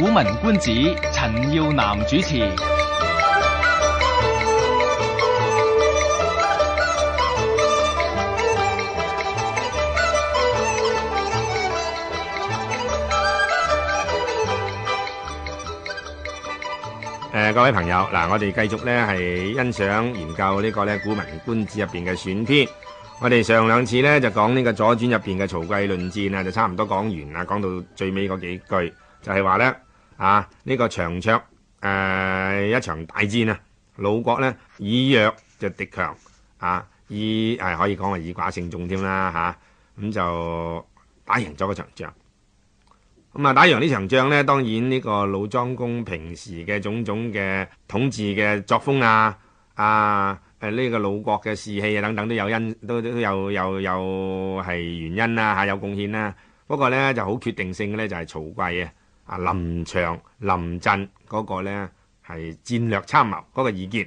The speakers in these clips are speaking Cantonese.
古文觀止，陳耀南主持。誒、呃，各位朋友，嗱，我哋繼續咧係欣賞研究呢個咧古文觀止入邊嘅選篇。我哋上兩次咧就講呢個左傳入邊嘅曹劌論戰啊，就差唔多講完啦，講到最尾嗰幾句就係話咧。啊！呢、這個長勺誒、呃、一場大戰啊，魯國咧以弱就敵強啊，以啊可以講係以寡勝眾添啦，咁就打贏咗嗰場仗。咁啊，打贏呢場仗呢，當然呢個魯莊公平時嘅種種嘅統治嘅作風啊，啊呢、這個魯國嘅士氣啊等等，都有因都都有有有係原因啦、啊、有貢獻啦、啊。不過呢就好決定性嘅呢，就係曹劌啊！啊！臨場臨陣嗰個咧係戰略參謀嗰個意見，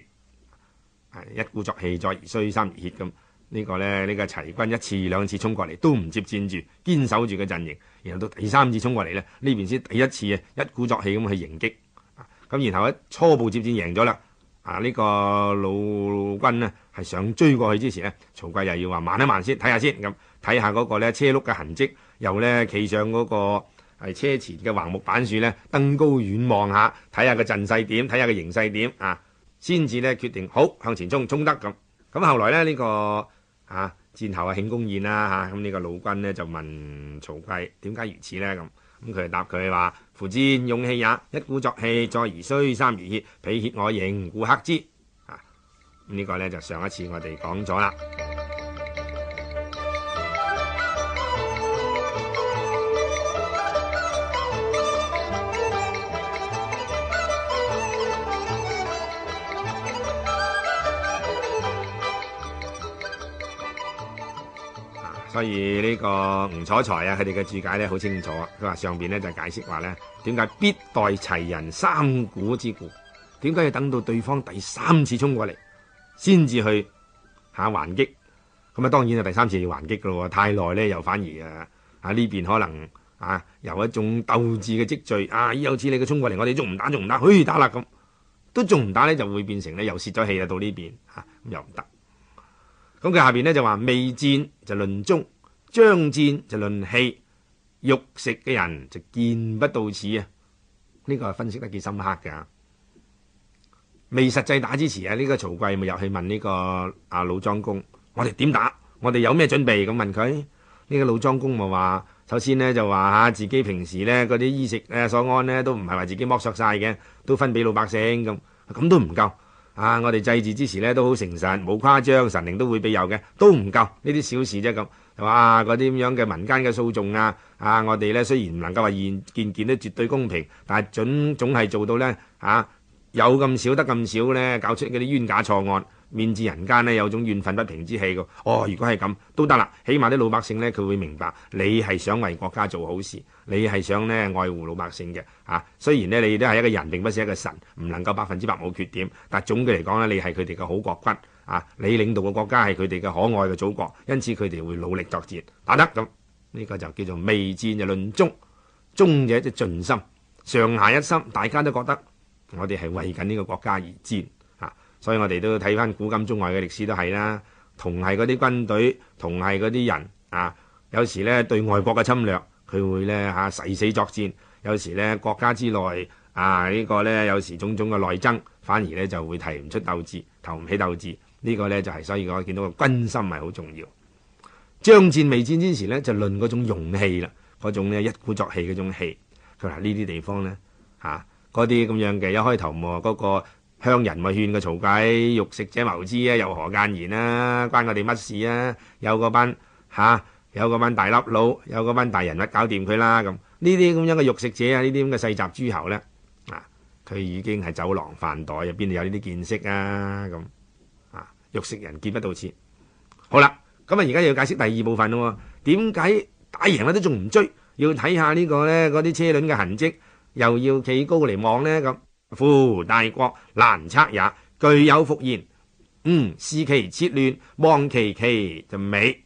係一鼓作氣，再而衰，三而竭咁。呢個呢，呢、呢個齊軍一次兩次衝過嚟都唔接戰住，堅守住嘅陣營。然後到第三次衝過嚟呢，呢邊先第一次啊一鼓作氣咁去迎擊。咁、啊、然後一初步接戰贏咗啦。啊！呢、呢個魯軍呢，係想追過去之前咧，曹劌又要話慢一慢睇下先，睇下先咁，睇下嗰個咧車轆嘅痕跡，又呢企上嗰、嗰個。係車前嘅橫木板樹咧，登高遠望下，睇下個陣勢點，睇下個形勢點啊，先至咧決定好向前衝，衝得咁。咁後來呢，呢、這個嚇、啊、戰後嘅慶功宴啦嚇，咁、啊、呢、啊這個老君呢，就問曹劌點解如此呢？咁、啊，咁佢就答佢話：夫 戰，勇氣也；一鼓作氣，再而衰三而竭，三而竭。彼竭我盈，故克之。啊，呢、啊啊這個呢，就上一次我哋講咗啦。所以呢個吳楚材啊，佢哋嘅注解咧好清楚。佢話上邊咧就解釋話咧，點解必待齊人三鼓之故？點解要等到對方第三次衝過嚟先至去吓還擊？咁啊，當然就第三次要還擊噶咯。太耐咧，又反而啊，啊呢邊可能啊，有一種鬥志嘅積聚啊，有次你嘅衝過嚟，我哋仲唔打仲唔打？噓打啦咁，都仲唔打咧，就會變成咧又泄咗氣啊。到呢邊吓咁又唔得。咁佢下面呢就話未戰就論忠，將戰就論氣，肉食嘅人就見不到此啊！呢個分析得幾深刻噶。未實際打之前啊，呢個曹劌咪入去問呢個阿魯莊公：我哋點打？我哋有咩準備？咁問佢。呢個魯莊公咪話：首先呢，就話自己平時呢嗰啲衣食所安呢，都唔係話自己剝削晒嘅，都分俾老百姓咁。咁都唔夠。啊！我哋祭祀之時咧都好誠實，冇誇張，神靈都會庇佑嘅，都唔夠呢啲小事啫咁。哇！嗰啲咁樣嘅民間嘅訴訟啊，啊！我哋咧雖然唔能夠話件件都絕對公平，但係準總係做到咧嚇、啊、有咁少得咁少咧，搞出嗰啲冤假錯案。面至人間呢，有種怨憤不平之氣嘅，哦！如果係咁都得啦，起碼啲老百姓呢，佢會明白你係想為國家做好事，你係想呢愛護老百姓嘅啊。雖然呢，你都係一個人，並不是一個神，唔能夠百分之百冇缺點，但係總嘅嚟講呢，你係佢哋嘅好國君啊！你領導嘅國家係佢哋嘅可愛嘅祖國，因此佢哋會努力作戰，打得咁呢、呢個就叫做未戰的論就論忠，忠者即盡心，上下一心，大家都覺得我哋係為緊呢個國家而戰。所以我哋都睇翻古今中外嘅歷史都係啦，同係嗰啲軍隊，同係嗰啲人啊，有時呢對外國嘅侵略，佢會呢，嚇、啊、誓死作戰；有時呢國家之內啊，呢、這個呢，有時種種嘅內爭，反而呢就會提唔出鬥志，投唔起鬥志。呢、這個呢就係、是、所以我見到個軍心係好重要。將戰未戰之前呢，就論嗰種勇氣啦，嗰種呢一鼓作氣嗰種氣。佢話呢啲地方呢，嗰啲咁樣嘅一開頭冇嗰、那個。鄉人咪勸個曹劌，肉食者謀之啊，又何間言啊？關我哋乜事啊？有嗰班、啊、有嗰班大粒佬，有嗰班大人物搞掂佢啦。咁呢啲咁樣嘅肉食者啊，呢啲咁嘅世襲諸侯呢，啊，佢已經係酒囊飯袋，入邊度有呢啲見識啊？咁啊，肉食人見不到齒。好啦，咁啊，而家要解釋第二部分咯。點解打贏啦都仲唔追？要睇下呢個呢嗰啲車輪嘅痕跡，又要企高嚟望呢。咁。夫大國難測也，懼有伏焉。嗯，視其轍亂，望其旗，旗，就靡，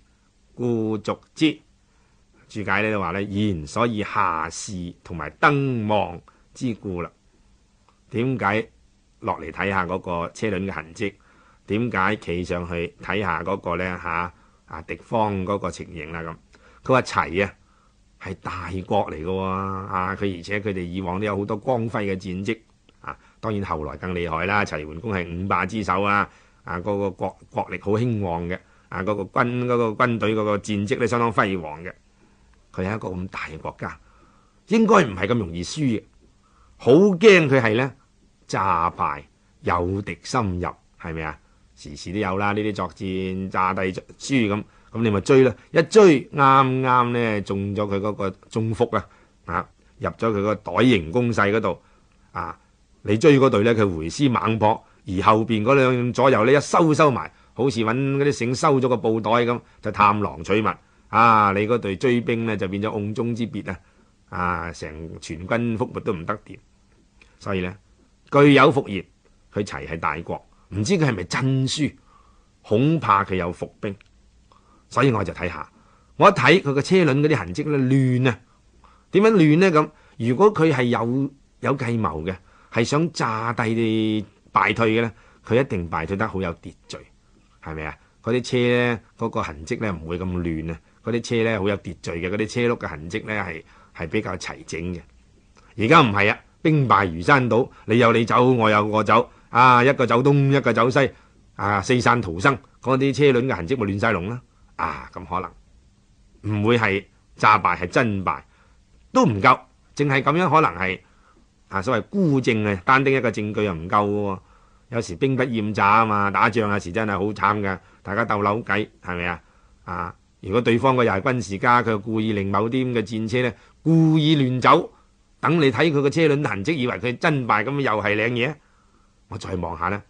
故逐之。注解呢就話呢，言所以下視同埋登望之故啦。點解落嚟睇下嗰個車輪嘅痕跡？點解企上去睇下嗰個呢？吓啊，敵方嗰個情形啦咁。佢話齊啊，係、啊、大國嚟嘅、啊，啊佢而且佢哋以往都有好多光輝嘅戰績。當然後來更厲害啦，齊桓公係五霸之首啊！啊，個、嗰個國國力好興旺嘅，啊，嗰個軍嗰、嗰個軍隊嗰、嗰個戰績咧相當輝煌嘅。佢係一個咁大嘅國家，應該唔係咁容易輸嘅。好驚佢係呢，詐敗，有敵深入，係咪啊？時時都有啦，呢啲作戰詐低輸咁，咁你咪追啦。一追啱啱呢，中咗佢嗰個中伏啊！啊，入咗佢個袋形攻勢嗰度啊！你追嗰隊呢，佢回師猛撲，而後面嗰兩左右呢，一收收埋，好似揾嗰啲繩收咗個布袋咁，就探囊取物啊！你嗰隊追兵呢，就變咗瓮中之鱉啊！啊，成全軍覆沒都唔得掂，所以呢，具有復業佢齊係大國，唔知佢係咪真輸，恐怕佢有伏兵，所以我就睇下。我一睇佢個車輪嗰啲痕跡咧亂啊，點樣亂呢？咁如果佢係有有計謀嘅。係想炸低你敗退嘅呢？佢一定敗退得好有秩序，係咪啊？嗰啲車呢，嗰個痕跡呢，唔會咁亂啊！嗰啲車呢，好有秩序嘅，嗰啲車轆嘅痕跡呢，係係比較齊整嘅。而家唔係啊，兵敗如山倒，你有你走，我有我走，啊一個走東，一個走西，啊四散逃生，嗰啲車輪嘅痕跡咪亂晒龍啦！啊咁可能唔會係炸敗，係真敗都唔夠，淨係咁樣可能係。啊！所謂孤證啊，單丁一個證據又唔夠喎、啊。有時兵不厭詐啊嘛，打仗啊時真係好慘㗎。大家鬥扭計係咪啊？啊！如果對方個又係軍事家，佢故意令某啲咁嘅戰車呢，故意亂走，等你睇佢個車輪痕跡，以為佢真敗咁，又係靚嘢。我再望下呢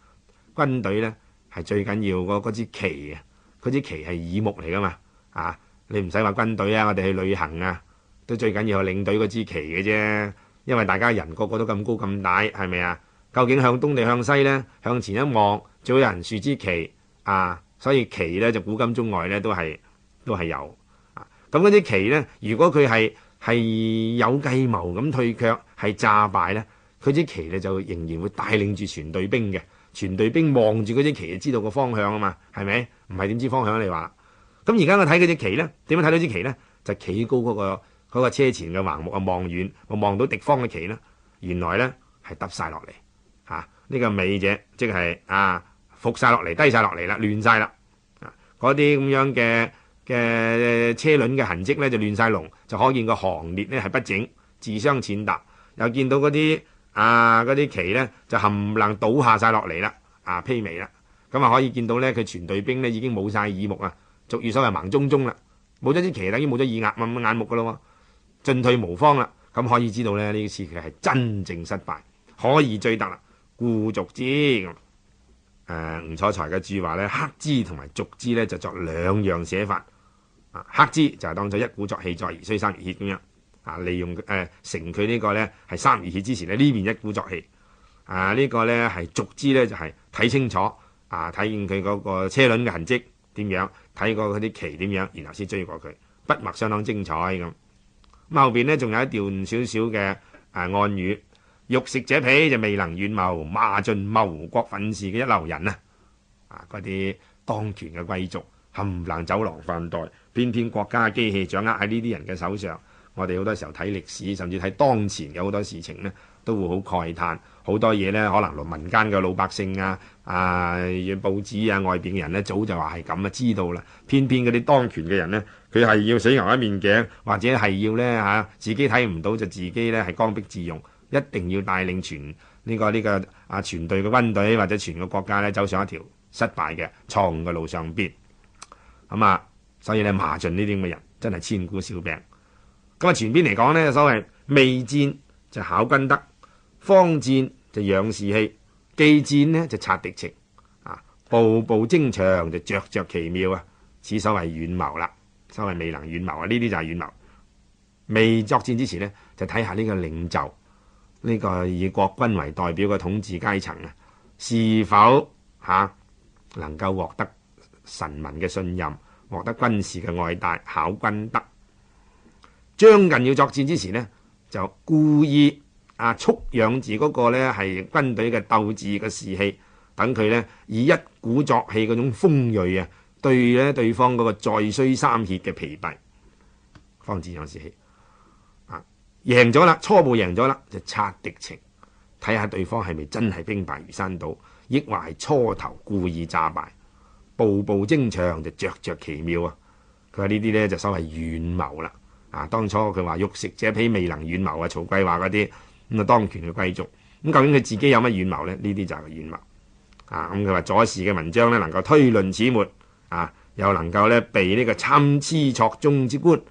軍隊呢，係最緊要嗰支旗啊！嗰支旗係耳目嚟噶嘛啊！你唔使話軍隊啊，我哋去旅行啊都最緊要係領隊嗰支旗嘅啫。因為大家人個個都咁高咁大，係咪啊？究竟向東定向西呢？向前一望，早有人樹之旗啊！所以旗呢，就古今中外呢都係都係有啊。咁嗰啲旗呢，如果佢係係有計謀咁退卻，係詐敗呢，佢隻旗呢就仍然會帶領住全隊兵嘅。全隊兵望住嗰隻旗就知道個方，方向啊嘛，係咪？唔係點知方向你話？咁而家我睇嗰隻旗呢，點樣睇到隻旗呢？就企高嗰、嗰個。嗰個車前嘅橫木啊，望遠我望到敵方嘅旗呢，原來呢係揼曬落嚟嚇呢個尾者，即係啊，伏曬落嚟，低曬落嚟啦，亂曬啦啊！嗰啲咁樣嘅嘅、啊、車輪嘅痕跡呢，就亂曬龍，就可見個行列呢係不整，自相踐踏。又見到嗰啲啊嗰啲旗呢就冚唪唥倒下曬落嚟啦啊，披靡啦。咁啊，就可以見到呢，佢全隊兵呢已經冇曬耳目啊，俗語所謂盲中中啦。冇咗啲旗，等於冇咗耳眼眼目噶咯喎。進退無方啦，咁可以知道呢呢次佢係真正失敗，可以追得啦。故逐之咁，誒吳楚才嘅注話呢，「黑之同埋逐之呢，就作兩樣寫法啊。黑之就係當咗一鼓作氣，再而衰三而竭咁樣啊。利用誒乘佢呢個呢，係三而竭之前呢，呢邊一鼓作氣啊，呢、呢個呢，係逐之咧就係、係、睇清楚啊，睇見佢嗰個車輪嘅痕跡點樣，睇過佢啲旗點樣，然後先追過佢，筆墨相當精彩咁。咁後邊仲有一段少少嘅暗語，肉食者鄙，就未能遠謀，罵盡謀國憤事嘅一流人啊！啊，嗰啲當權嘅貴族，冚唪唥酒囊飯袋，偏偏國家機器掌握喺呢啲人嘅手上。我哋好多時候睇歷史，甚至睇當前嘅好多事情呢都會好慨嘆，好多嘢呢，可能民間嘅老百姓啊、啊報紙啊、外邊人呢，早就話係咁啊，知道啦。偏偏嗰啲當權嘅人呢，佢係要死牛一面頸，或者係要呢，啊、自己睇唔到，就自己呢係剛愎自用，一定要帶領全呢、這個呢、這個啊全隊嘅軍隊或者全個國家呢走上一條失敗嘅錯誤嘅路上邊。咁啊，所以呢，罵盡呢啲咁嘅人真係千古笑柄。咁啊，前邊嚟講呢，所謂未戰就考君德。方戰就養士氣，既戰呢就察敵情，啊，步步精詳就着着奇妙啊，此所謂遠謀啦，所謂未能遠謀啊，呢啲就係遠謀。未作戰之前呢，就睇下呢個領袖，呢、呢個以國軍為代表嘅統治階層啊，是否吓、啊、能夠獲得臣民嘅信任，獲得軍事嘅愛戴，考軍德。將近要作戰之前呢，就故意。啊，蓄養住嗰個呢係軍隊嘅鬥志嘅士氣，等佢呢，以一鼓作氣嗰種鋒鋭啊，對呢對方嗰個再衰三竭嘅疲弊，方展勇士氣。啊，贏咗啦，初步贏咗啦，就察敵情，睇下對方係咪真係兵敗如山倒，抑或係初頭故意詐敗，步步精詳就著著奇妙啊！佢話呢啲呢，就所謂遠謀啦。啊，當初佢話肉食者鄙未能遠謀啊，曹劌話嗰啲。咁啊，當權嘅貴族，咁究竟佢自己有乜遠謀呢？呢啲就係遠謀，啊，咁佢話左氏嘅文章呢能夠推論始末，啊，又能夠呢被呢個參差錯綜之觀，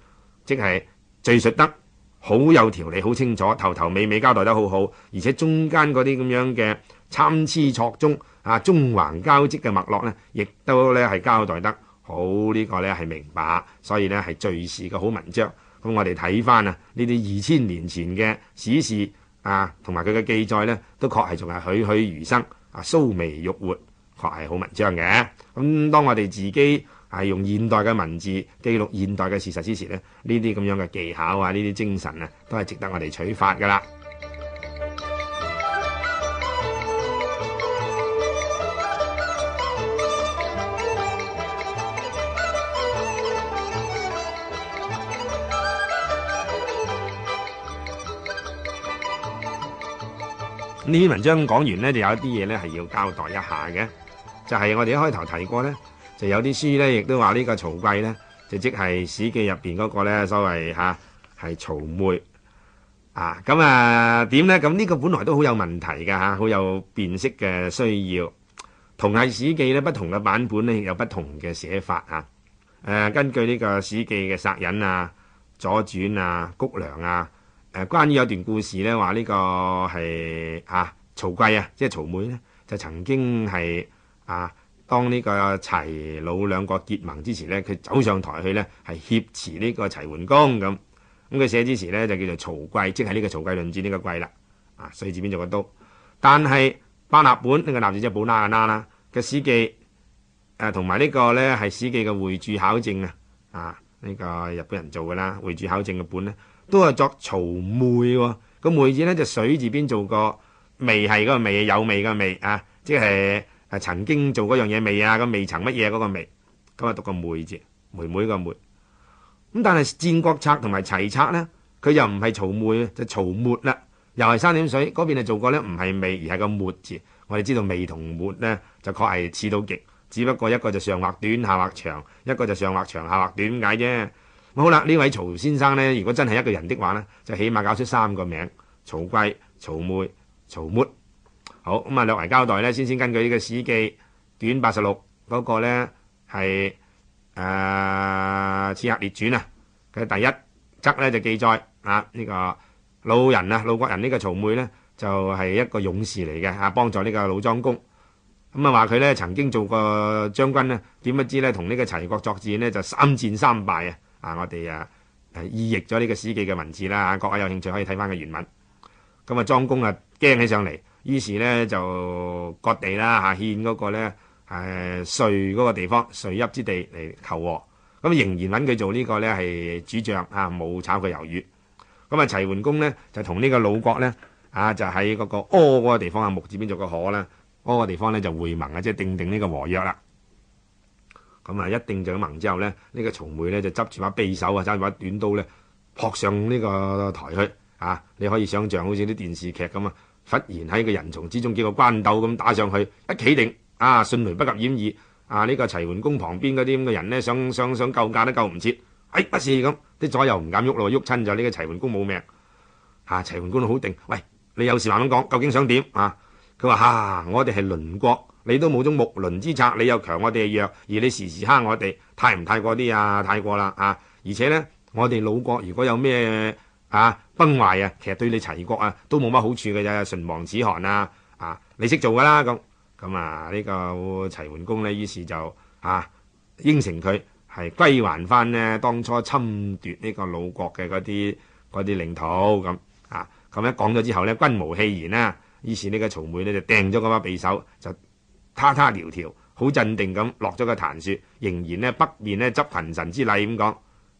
即係敘述得好有條理、好清楚，頭頭尾尾交代得好好，而且中間嗰啲咁樣嘅參差錯綜啊，縱橫交織嘅脈絡呢，亦都呢係交代得好，呢、呢個呢係明白，所以呢係敘事嘅好文章。咁我哋睇翻啊，呢啲二千年前嘅史事。啊，同埋佢嘅記載呢都確係仲係栩栩如生，啊，鬚眉欲活，確係好文章嘅。咁當我哋自己係、啊、用現代嘅文字記錄現代嘅事實之前呢，呢呢啲咁樣嘅技巧啊，呢啲精神啊，都係值得我哋取法噶啦。呢篇文章講完呢，就有一啲嘢呢係要交代一下嘅，就係、是、我哋一開頭提過呢，就有啲書呢亦都話呢個曹劌呢，就即係《史記》入面嗰、那個呢，所謂吓係、啊、曹沫啊。咁啊點呢？咁、啊、呢、這個本來都好有問題噶好、啊、有辨識嘅需要。同係《史記》呢，不同嘅版本呢，有不同嘅寫法啊。根據呢個《史記》嘅索隱啊、左傳啊、谷梁啊。關、啊、關於有一段故事咧，話呢個係、啊、曹劌啊，即係曹妹呢，就曾經係啊，當呢個齊魯兩國結盟之時咧，佢走上台去咧，係挾持呢個齊桓公咁。咁佢寫之時咧，就叫做曹劌，即係呢個曹劌論戰呢個劌啦。啊，所以字邊做個刀。但係百衲本呢、呢個納字即係寶納嘅納嘅納嘅史記。誒，同埋呢個咧係史記嘅會注考證啊。啊，呢、呢個日本人做嘅啦，會注考證嘅本咧。都係作曹沬，個沬字呢，就係水字邊做過味，係個昧係嗰個昧有味嘅昧啊，即係曾經做嗰樣嘢昧啊，味個未曾乜嘢嗰個昧，今日讀個妹字，妹妹個妹。咁但係戰國策同埋齊策呢，佢又唔係曹沬，就曹沫啦，又係三點水嗰邊做過呢，唔係沬，而係個沫字。我哋知道沬同沫呢，就確係似到極，只不過一個就上畫短下畫長，一個就上畫長下畫短解啫。好啦，呢位曹先生咧，如果真係一個人的話咧，就起碼搞出三個名：曹劌、曹梅、曹沫。好咁啊，略為交代咧，先先根據呢個《史記》卷八十六嗰個咧係誒《刺客列傳》啊嘅第一則咧就記載啊呢個魯人啊魯國人呢個曹梅咧就係一個勇士嚟嘅啊，幫助呢個魯莊公咁啊話佢咧曾經做過將軍咧，點不知咧同呢個齊國作戰咧就三戰三敗啊！啊！我哋啊，意譯咗呢個《史記》嘅文字啦、啊，各位有興趣可以睇翻個原文。咁啊，莊公啊驚起上嚟，於是呢，就割地啦嚇、啊、獻嗰個咧誒遂嗰個地方，遂邑之地嚟求和。咁、啊、仍然揾佢做呢個呢，係主將啊，冇炒佢魷魚。咁啊，齊桓公呢，就同呢個魯國呢，啊，就喺嗰個柯嗰個地方啊，木字邊做個可啦，柯、啊那個地方呢，就回盟啊，即、就、係、是、定定呢個和約啦。咁啊，一定就咁掹之後呢，呢個曹梅呢就執住把匕首啊，揸住把短刀呢，撲上呢個台去啊！你可以想像好似啲電視劇咁啊，忽然喺個人叢之中，幾個關鬥咁打上去，一企定啊，迅雷不及掩耳啊！呢個齊桓公旁邊嗰啲咁嘅人呢，想想想救駕都救唔切，哎，不是咁？啲左右唔敢喐咯，喐親就呢個齊桓公冇命啊，齊桓公好定，喂，你有事話咁講，究竟想點啊？佢話嚇，我哋係鄰國。你都冇種木輪之策，你又強我哋弱，而你時時蝦我哋，太唔太過啲啊？太過啦啊！而且呢，我哋魯國如果有咩啊崩壞啊，其實對你齊國啊都冇乜好處嘅啫，唇亡齒寒啊！啊，你識做噶啦咁咁啊？呢、呢個齊桓公呢，於是就啊應承佢係歸還翻呢當初侵奪呢個魯國嘅嗰啲嗰啲領土咁啊。咁一講咗之後呢，君無戲言啦、啊。於是呢個曹沫呢，就掟咗嗰把匕首就。他他聊條好鎮定咁落咗個談説，仍然呢北面呢執群臣之禮咁講，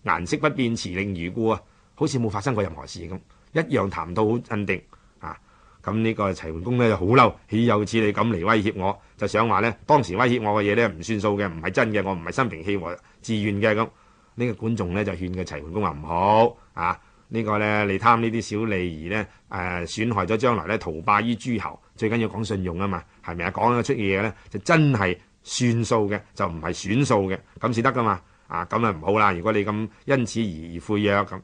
顏色不變，辭令如故啊，好似冇發生過任何事咁，一樣談到好鎮定啊。咁呢個齊桓公呢就好嬲，豈有此理，咁嚟威脅我。就想話呢，當時威脅我嘅嘢呢唔算數嘅，唔係真嘅，我唔係心平氣和，自願嘅咁。呢、呢個管仲呢，就勸佢齊桓公話唔好啊。這個呢個咧你貪呢啲小利而呢，誒、呃、損害咗將來呢，圖霸於諸侯，最緊要講信用啊嘛，係咪啊？講咗出嘢呢，就真係算數嘅，就唔係損數嘅，咁先得噶嘛，啊，咁啊唔好啦，如果你咁因此而悔約咁，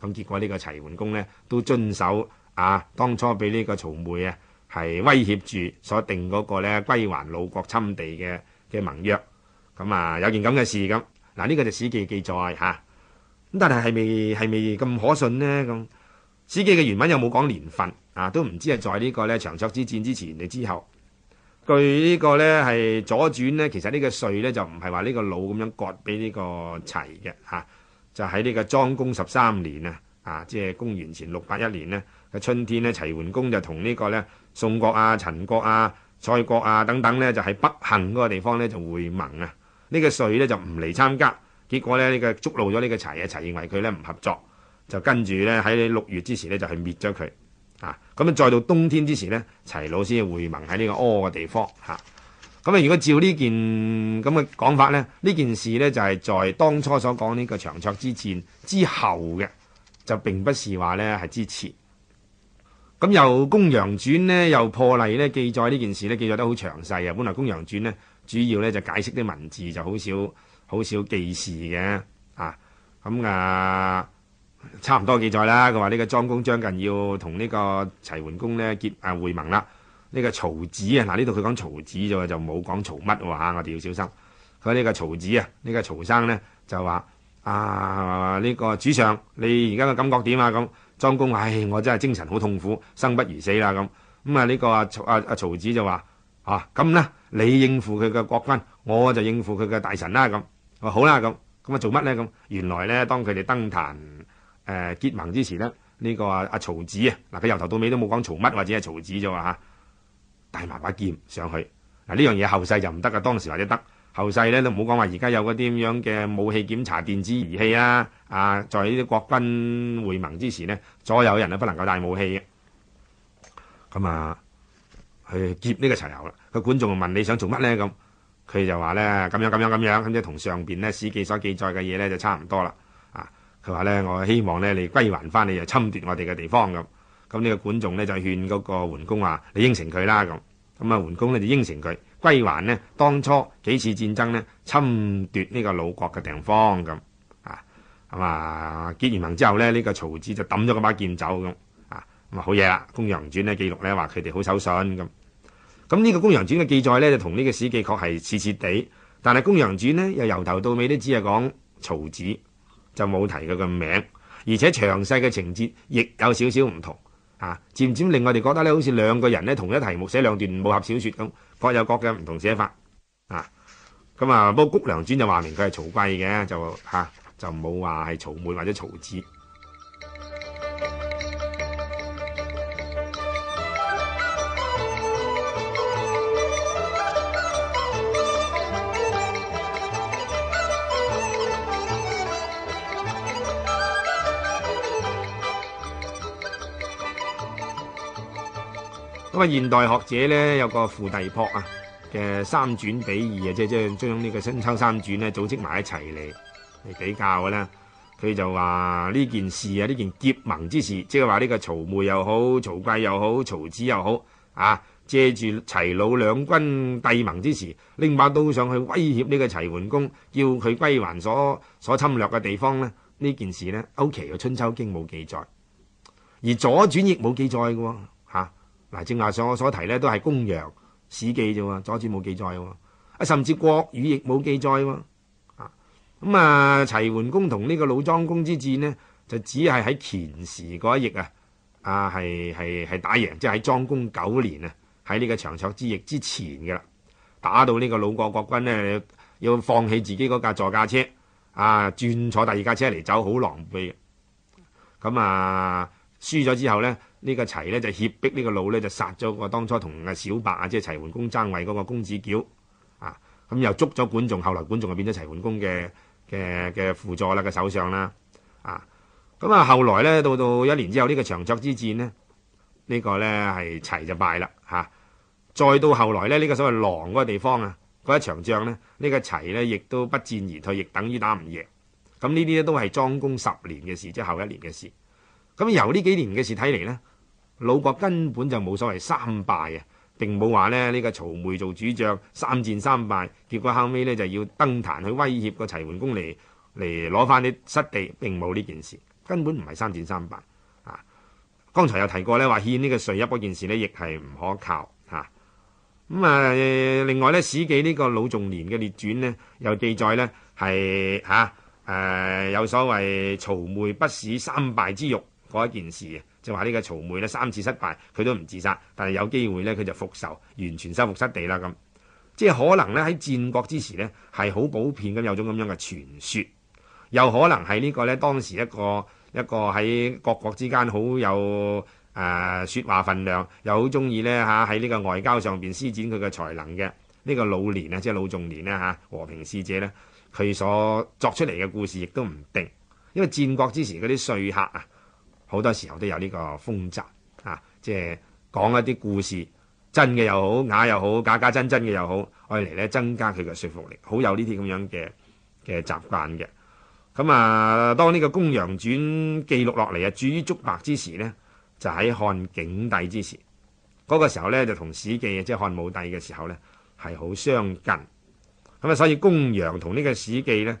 咁結果呢個齊桓公呢，都遵守啊當初俾呢個曹梅啊係威脅住所定嗰個呢，歸還魯國侵地嘅嘅盟約，咁啊有件咁嘅事咁。嗱呢個就史記記載嚇。啊咁但係係咪係咪咁可信呢？咁《史記》嘅原文有冇講年份啊？都唔知係在這個呢個咧長勺之戰之前定之後。據呢個咧係左轉，其實呢個遂咧就唔係話呢個魯咁樣割俾呢個齊嘅吓，就喺呢個莊公十三年啊，啊即係公元前六八一年嘅春天呢，齊桓公就同呢個咧宋國啊、陳國啊、蔡國啊等等咧就喺北杏嗰個地方咧、這個、就會盟啊，呢個遂咧就唔嚟參加。結果呢呢個捉露咗呢個齊也齊認為佢呢唔合作，就跟住呢喺六月之前呢就去滅咗佢。啊，咁啊，再到冬天之時呢，齊老師會盟喺呢個柯嘅地方吓。咁啊，如果照呢件咁嘅講法呢，呢件事呢就係在當初所講呢個長勺之戰之後嘅，就並不是話呢係之前。咁由《公羊傳》呢又破例呢記載呢件事呢記載得好詳細啊。本來《公羊傳》呢主要呢就解釋啲文字就好少。好少記事嘅啊，咁啊差唔多記載啦。佢話呢個莊公將近要同呢個齊桓公呢結啊會盟啦。呢個曹子啊，嗱呢度佢講曹子啫，就冇講曹乜喎、啊、我哋要小心。佢話呢個曹子啊，呢個曹生呢，就話啊呢個主上，你而家嘅感覺點啊？咁莊公唉、哎，我真係精神好痛苦，生不如死啦咁。咁啊呢個啊啊，啊，啊曹子就話啊咁呢、啊，你應付佢嘅國君，我就應付佢嘅大臣啦咁。啊。好啦，咁咁啊做乜呢？咁原來呢，當佢哋登壇誒、呃、結盟之前呢，呢、這個阿、啊、曹子啊，嗱佢由頭到尾都冇講曹乜或者係曹子啫喎嚇，帶埋把劍上去嗱，呢、啊、樣嘢後世就唔得㗎。當時或者得後世呢都唔好講話，而家有嗰啲咁樣嘅武器檢查電子儀器啊，啊，在呢啲國軍會盟之前呢，所有人都不能夠帶武器嘅，咁啊去劫呢個齊侯啦，個、啊、管仲問你想做乜呢？啊」咁？佢就話咧，咁樣咁樣咁樣，咁即同上面咧史記所記載嘅嘢咧就差唔多啦。啊，佢話咧，我希望咧你歸還翻，你又侵奪我哋嘅地方咁。咁、啊、呢、啊呢個管仲咧就勸嗰個桓公話：你應承佢啦咁。咁啊，啊，桓公咧就應承佢歸還呢，當初幾次戰爭呢，侵奪呢個魯國嘅地方咁。啊，咁、啊、嘛？結完盟之後咧，呢、呢個曹子就抌咗嗰把劍走咁。啊，咁啊好嘢啦，《公羊傳》呢記錄咧話佢哋好守信咁。啊咁呢個《公羊傳》嘅記載呢，就同呢個《史記》確係似似地，但係《公羊傳》呢，又由頭到尾都只係講曹子，就冇提佢嘅名，而且詳細嘅情節亦有少少唔同啊。漸漸令我哋覺得呢，好似兩個人呢同一題目寫兩段武俠小說咁，各有各嘅唔同寫法啊。咁啊，不過《谷梁傳》就話明佢係曹劌嘅，就吓就冇話係曹沫或者曹子。現代學者呢，有個傅隸樸啊嘅三傳比義啊，即係即係將呢個春秋三傳呢組織埋一齊嚟嚟比較呢，佢就話呢件事啊，呢件結盟之事，即係話呢個曹沫又好、曹劌又好、曹子又好啊，借住齊魯兩軍締盟之事，拎把刀上去威脅呢個齊桓公，叫佢歸還所所侵略嘅地方呢呢件事呢，ok 嘅《春秋經》冇記載，而左傳亦冇記載嘅喎、哦。正話所我所提咧，都係公羊史記啫喎，左傳冇記載喎，啊，甚至國語亦冇記載啊，咁啊，齊桓公同呢個魯莊公之戰呢，就只係喺乾時嗰一役啊，啊，係係係打贏，即係喺莊公九年啊，喺呢個長勺之役之前嘅啦，打到呢個魯國國軍呢，要放棄自己嗰架座駕車，啊，轉坐第二架車嚟走，好狼狽，咁啊，輸咗之後呢。呢個齊呢，就脅迫呢個魯呢，就殺咗個當初同阿小白啊，即係齊桓公爭位嗰個公子糾啊，咁又捉咗管仲，後來管仲就變咗齊桓公嘅嘅嘅輔助啦，嘅首相啦啊，咁，啊後來呢，到到一年之後呢、這個長勺之戰呢，呢、這個呢，係齊就敗啦嚇、啊，再到後來呢，呢、這個所謂郎嗰個地方啊，嗰一場仗呢，呢、這個齊呢，亦都不戰而退，亦等於打唔贏，咁、啊、呢啲都係莊公十年嘅事，即係後一年嘅事。咁由呢幾年嘅事睇嚟，呢魯國，根本就冇所謂三敗啊，並冇話呢呢、呢個曹梅做主將，三戰三敗，結果後尾呢，就要登壇去威脅個齊桓公嚟嚟攞翻啲失地。並冇呢件事，根本唔係三戰三敗啊。剛才有提過呢話，獻呢個稅邑嗰件事呢，亦係唔可靠咁啊，另外呢《史記》呢個魯仲連嘅列傳呢有記載呢係、啊呃、有所謂曹梅不使三敗之慾。嗰一件事啊，就話、是、呢個曹梅咧三次失敗，佢都唔自殺，但係有機會呢，佢就復仇，完全收復失地啦。咁即係可能呢，喺戰國之時呢，係好普遍咁有種咁樣嘅傳說，又可能係呢個呢，當時一個一個喺各國之間好有誒、呃、說話分量，又好中意呢，吓喺呢個外交上邊施展佢嘅才能嘅呢、這個老年，老年啊，即係老仲年呢，吓和平使者呢，佢所作出嚟嘅故事亦都唔定，因為戰國之時嗰啲說客啊。好多時候都有呢個風習啊，即係講一啲故事，真嘅又好，假又好，假假真真嘅又好，用嚟咧增加佢嘅說服力，好有呢啲咁樣嘅嘅習慣嘅。咁啊，當呢個《公羊傳》記錄落嚟啊，著於竹帛之時呢，就喺漢景帝之時，嗰、那個時候呢，就同《史記》即係漢武帝嘅時候呢，係好相近。咁啊，所以《公羊》同呢個《史記》呢，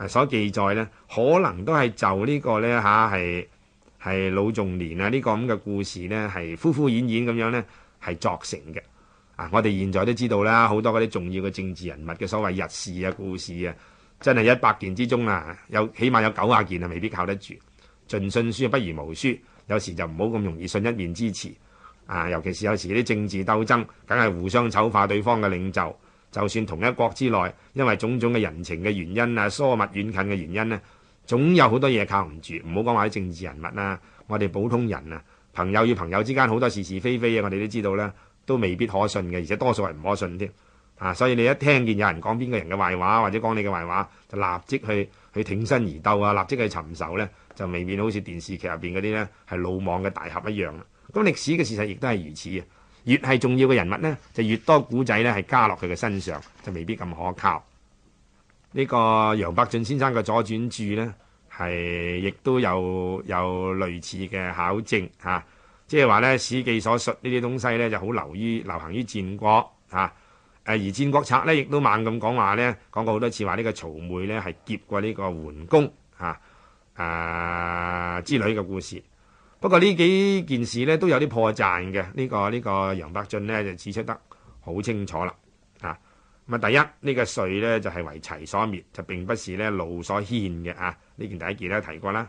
誒所記載呢，可能都係就呢個呢。嚇、啊、係。是係老仲年啊！呢個咁嘅故事呢，係敷敷衍衍咁樣呢，係作成嘅啊！我哋現在都知道啦，好多嗰啲重要嘅政治人物嘅所謂日事啊、故事啊，真係一百件之中啊，有起碼有九廿件係、啊、未必靠得住。盡信書不如無書，有時就唔好咁容易信一面之詞啊！尤其是有時啲政治鬥爭，梗係互相醜化對方嘅領袖。就算同一國之內，因為種種嘅人情嘅原因啊、疏密遠近嘅原因咧、啊。總有好多嘢靠唔住，唔好講話啲政治人物啦，我哋普通人啊，朋友與朋友之間好多是是非非啊，我哋都知道咧，都未必可信嘅，而且多數係唔可信添。啊，所以你一聽見有人講邊個人嘅壞話，或者講你嘅壞話，就立即去去挺身而鬥啊，立即去尋仇咧，就未免好似電視劇入邊嗰啲咧係魯莽嘅大俠一樣。咁歷史嘅事實亦都係如此啊，越係重要嘅人物咧，就越多古仔咧係加落佢嘅身上，就未必咁可靠。呢個楊伯峻先生嘅左轉注呢，係亦都有有類似嘅考證嚇、啊，即係話呢，史記所述呢啲東西呢，就好流於流行於戰國嚇、啊。而戰國策呢，亦都猛咁講話呢講過好多次話呢個曹劌呢係劫過呢個桓公嚇誒之類嘅故事。不過呢幾件事呢，都有啲破綻嘅，呢、這個呢、這個楊伯峻呢，就指出得好清楚啦。咪第一、這個、稅呢個稅咧，就係、是、為齊所滅，就並不是咧魯所獻嘅啊。呢件第一件咧提過啦。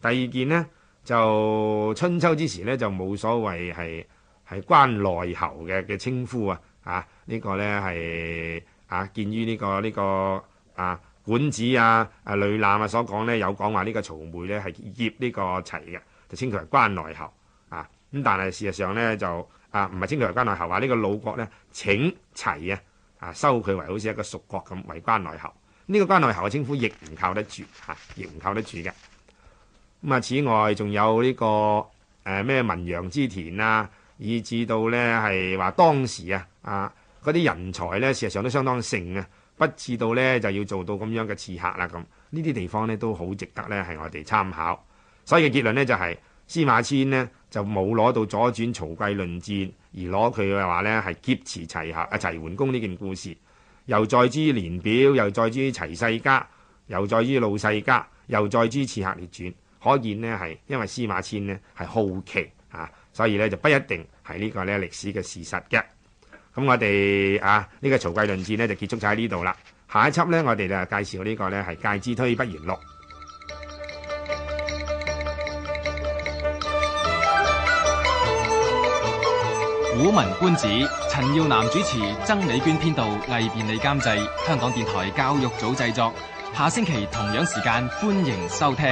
第二件呢，就春秋之時呢，就冇所謂係係關內侯嘅嘅稱呼啊。啊，呢、這個呢係啊，見於呢、這個呢、這個啊管子啊啊呂覽啊所講呢，有講話呢個曹梅呢係劫呢個齊嘅，就稱佢為關內侯啊。咁但係事實上呢，就啊唔係稱佢為關內侯，話、啊、呢、這個魯國呢，請齊啊。啊，收佢為好似一個屬國咁，為關內侯。呢、這個關內侯嘅稱呼亦唔靠得住，吓，亦唔靠得住嘅。咁啊，此外仲有呢、這個誒咩、呃、汶陽之田啊，以至到呢係話當時啊啊嗰啲人才呢，事實上都相當盛啊，不至到呢就要做到咁樣嘅刺客啦。咁呢啲地方呢都好值得呢係我哋參考。所以嘅結論呢，就係、是、司馬遷呢。就冇攞到左傳曹劌論戰，而攞佢嘅話呢係劫持齊合啊齊桓公呢件故事，又再之年表，又再之齊世家，又再之魯世家，又再之刺客列傳，可見呢係因為司馬遷呢係好奇啊，所以呢就不一定係呢個呢歷史嘅事實嘅。咁我哋啊呢、這個曹劌論戰呢就結束就喺呢度啦。下一輯呢，我哋就介紹呢個呢係介之推不言祿。古文觀止，陳耀南主持，曾美娟編導，黎便李監製，香港電台教育組製作。下星期同樣時間，歡迎收聽。